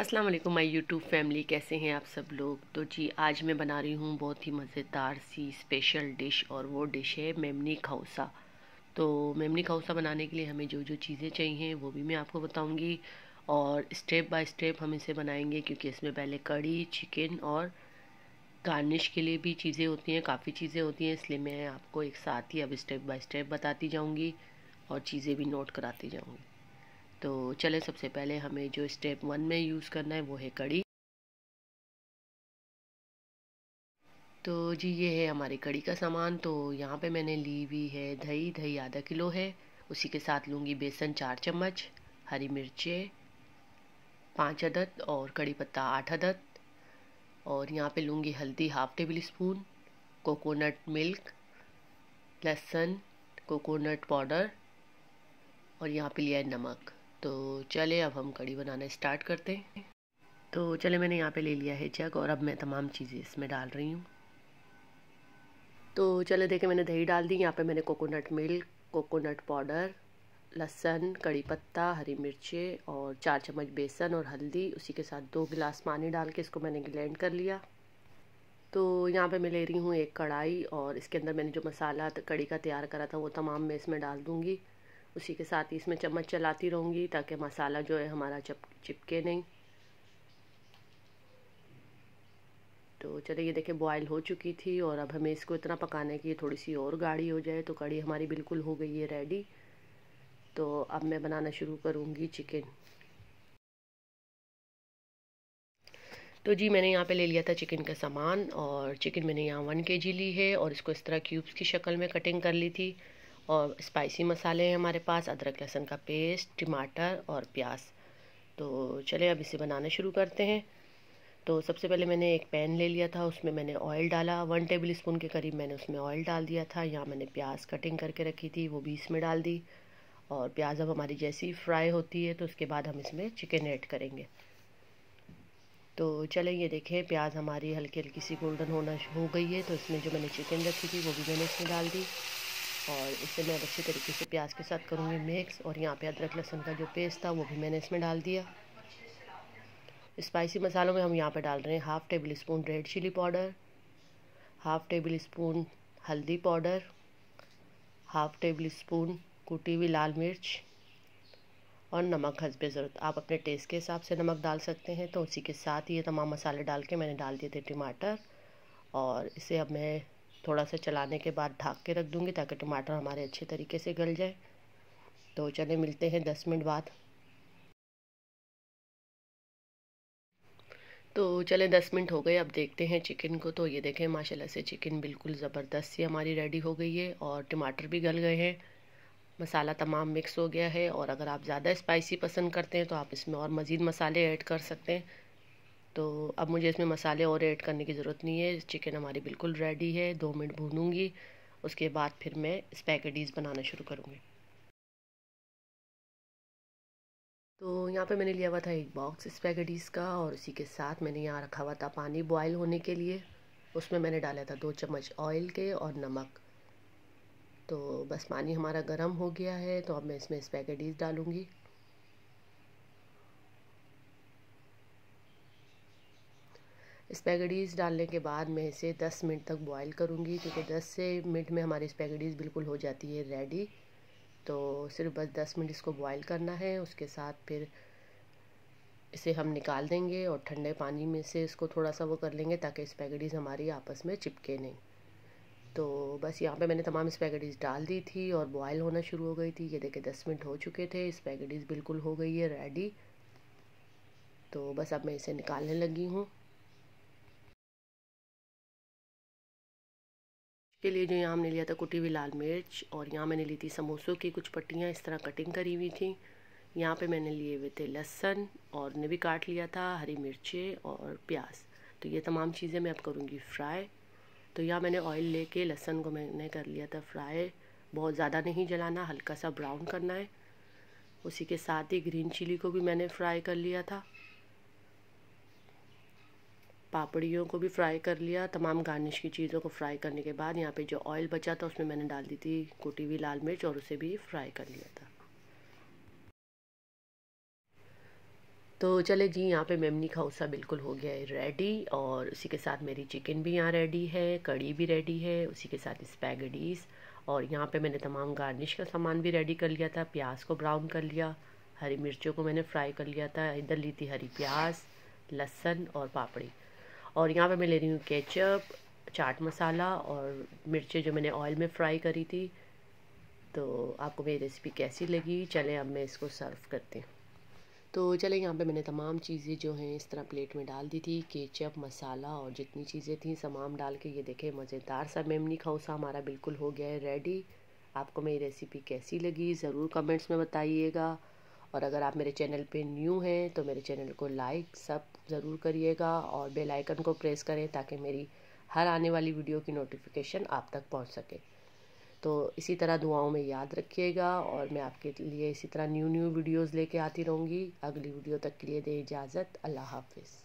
अस्सलाम वालेकुम my YouTube family कैसे हैं आप सब लोग तो जी आज मैं बना रही हूँ बहुत ही मज़ेदार सी स्पेशल डिश और वो डिश है मेमनी खौसा तो मेमनी खौसा बनाने के लिए हमें जो जो चीज़ें चाहिए वो भी मैं आपको बताऊँगी और स्टेप बाय स्टेप हम इसे बनाएंगे क्योंकि इसमें पहले कड़ी चिकन और गार्निश के लिए भी चीज़ें होती हैं काफ़ी चीज़ें होती हैं इसलिए मैं आपको एक साथ ही अब स्टेप बाय स्टेप बताती जाऊँगी और चीज़ें भी नोट कराती जाऊँगी तो चले सबसे पहले हमें जो स्टेप वन में यूज़ करना है वो है कड़ी तो जी ये है हमारी कड़ी का सामान तो यहाँ पे मैंने ली हुई है दही दही आधा किलो है उसी के साथ लूँगी बेसन चार चम्मच हरी मिर्चें पाँच अदद और कड़ी पत्ता आठ अदद और यहाँ पे लूँगी हल्दी half tablespoon coconut milk लहसुन कोकोनट पाउडर और यहाँ पे लिया है नमक तो चले अब हम कड़ी बनाना स्टार्ट करते हैं तो चले मैंने यहाँ पे ले लिया है जग और अब मैं तमाम चीज़ें इसमें डाल रही हूँ तो चले देखे मैंने दही डाल दी यहाँ पे मैंने कोकोनट मिल्क कोकोनट पाउडर लहसन कड़ी पत्ता हरी मिर्चें और चार चम्मच बेसन और हल्दी उसी के साथ दो गिलास पानी डाल के इसको मैंने ग्लैंड कर लिया तो यहाँ पे मैं ले रही हूँ एक कढ़ाई और इसके अंदर मैंने जो मसाला कड़ी का तैयार करा था वो तमाम मैं इसमें डाल दूँगी उसी के साथ ही इसमें चम्मच चलाती रहूँगी ताकि मसाला जो है हमारा चप चिपके नहीं तो चलिए ये देखें बॉयल हो चुकी थी और अब हमें इसको इतना पकाना है कि थोड़ी सी और गाढ़ी हो जाए तो कड़ी हमारी बिल्कुल हो गई है रेडी तो अब मैं बनाना शुरू करूँगी चिकन तो जी मैंने यहाँ पे ले लिया था चिकन का सामान और चिकन मैंने यहाँ वन के जी ली है और इसको इस तरह क्यूब्स की शक्ल में कटिंग कर ली थी और स्पाइसी मसाले हैं हमारे पास अदरक लहसुन का पेस्ट टमाटर और प्याज तो चले अब इसे बनाना शुरू करते हैं तो सबसे पहले मैंने एक पैन ले लिया था उसमें मैंने ऑयल डाला वन टेबल स्पून के करीब मैंने उसमें ऑयल डाल दिया था यहाँ मैंने प्याज कटिंग करके रखी थी वो भी इसमें डाल दी और प्याज अब हमारी जैसी फ्राई होती है तो उसके बाद हम इसमें चिकन ऐड करेंगे तो चलें ये देखें प्याज हमारी हल्की हल्की सी गोल्डन होना हो गई है तो इसमें जो मैंने चिकन रखी थी वो भी मैंने इसमें डाल दी और इसे मैं अच्छी तरीके से प्याज के साथ करूँगी मिक्स और यहाँ पे अदरक लहसुन का जो पेस्ट था वो भी मैंने इसमें डाल दिया स्पाइसी मसालों में हम यहाँ पे डाल रहे हैं half tablespoon red chilli powder half tablespoon हल्दी पाउडर हाफ़ टेबल स्पून कुटी हुई लाल मिर्च और नमक हंसबे ज़रूरत आप अपने टेस्ट के हिसाब से नमक डाल सकते हैं तो उसी के साथ ये तमाम मसाले डाल के मैंने डाल दिए थे टमाटर और इसे अब मैं थोड़ा सा चलाने के बाद ढाक के रख दूँगी ताकि टमाटर हमारे अच्छे तरीके से गल जाए तो चले मिलते हैं दस मिनट बाद तो चले दस मिनट हो गए अब देखते हैं चिकन को तो ये देखें माशाल्लाह से चिकन बिल्कुल ज़बरदस्त सी हमारी रेडी हो गई है और टमाटर भी गल गए हैं मसाला तमाम मिक्स हो गया है और अगर आप ज़्यादा स्पाइसी पसंद करते हैं तो आप इसमें और मज़ीद मसाले ऐड कर सकते हैं तो अब मुझे इसमें मसाले और ऐड करने की ज़रूरत नहीं है चिकन हमारी बिल्कुल रेडी है दो मिनट भूनूंगी उसके बाद फिर मैं स्पैगेटीज़ बनाना शुरू करूँगी तो यहाँ पे मैंने लिया हुआ था एक बॉक्स स्पैगेटीज़ का और उसी के साथ मैंने यहाँ रखा हुआ था पानी बॉयल होने के लिए उसमें मैंने डाला था दो चम्मच ऑयल के और नमक तो बस पानी हमारा गर्म हो गया है तो अब मैं इसमें स्पैगेटीज़ डालूँगी स्पैगडीज़ डालने के बाद मैं इसे 10 मिनट तक बॉईल करूँगी क्योंकि 10 से मिनट में हमारी स्पैगडीज़ बिल्कुल हो जाती है रेडी तो सिर्फ बस 10 मिनट इसको बॉईल करना है उसके साथ फिर इसे हम निकाल देंगे और ठंडे पानी में से इसको थोड़ा सा वो कर लेंगे ताकि स्पैगडीज़ हमारी आपस में चिपके नहीं तो बस यहाँ पे मैंने तमाम स्पैगडीज डाल दी थी और बॉयल होना शुरू हो गई थी ये देखे दस मिनट हो चुके थे स्पैगडीज़ बिल्कुल हो गई है रेडी तो बस अब मैं इसे निकालने लगी हूँ के लिए जो यहाँ हमने लिया था कुटी हुई लाल मिर्च और यहाँ मैंने ली थी समोसों की कुछ पट्टियाँ इस तरह कटिंग करी हुई थी यहाँ पे मैंने लिए हुए थे लहसन और ने भी काट लिया था हरी मिर्चें और प्याज तो ये तमाम चीज़ें मैं अब करूँगी फ्राई तो यहाँ मैंने ऑयल लेके लहसन को मैंने कर लिया था फ्राई बहुत ज़्यादा नहीं जलाना हल्का सा ब्राउन करना है उसी के साथ ही ग्रीन चिली को भी मैंने फ्राई कर लिया था पापड़ियों को भी फ्राई कर लिया तमाम गार्निश की चीज़ों को फ्राई करने के बाद यहाँ पे जो ऑयल बचा था उसमें मैंने डाल दी थी कुटी हुई लाल मिर्च और उसे भी फ्राई कर लिया था तो चले जी यहाँ पे मेमनी खाउसा बिल्कुल हो गया है रेडी और उसी के साथ मेरी चिकन भी यहाँ रेडी है कड़ी भी रेडी है उसी के साथ स्पैगडीज़ और यहाँ पे मैंने तमाम गार्निश का सामान भी रेडी कर लिया था प्याज को ब्राउन कर लिया हरी मिर्चों को मैंने फ्राई कर लिया था इधर ली थी हरी प्याज लहसन और पापड़ी और यहाँ पे मैं ले रही हूँ केचप चाट मसाला और मिर्चें जो मैंने ऑयल में फ्राई करी थी तो आपको मेरी रेसिपी कैसी लगी चलें अब मैं इसको सर्व करती हूँ तो चले यहाँ पे मैंने तमाम चीज़ें जो हैं इस तरह प्लेट में डाल दी थी केचप मसाला और जितनी चीज़ें थी तमाम डाल के ये देखें मज़ेदार सा मेमनी खाउसा हमारा बिल्कुल हो गया है रेडी आपको मेरी रेसिपी कैसी लगी ज़रूर कमेंट्स में बताइएगा और अगर आप मेरे चैनल पे न्यू हैं तो मेरे चैनल को लाइक सब ज़रूर करिएगा और बेल आइकन को प्रेस करें ताकि मेरी हर आने वाली वीडियो की नोटिफिकेशन आप तक पहुंच सके तो इसी तरह दुआओं में याद रखिएगा और मैं आपके लिए इसी तरह न्यू न्यू वीडियोज़ लेके आती रहूँगी अगली वीडियो तक के लिए दे इजाज़त अल्लाह हाफिज़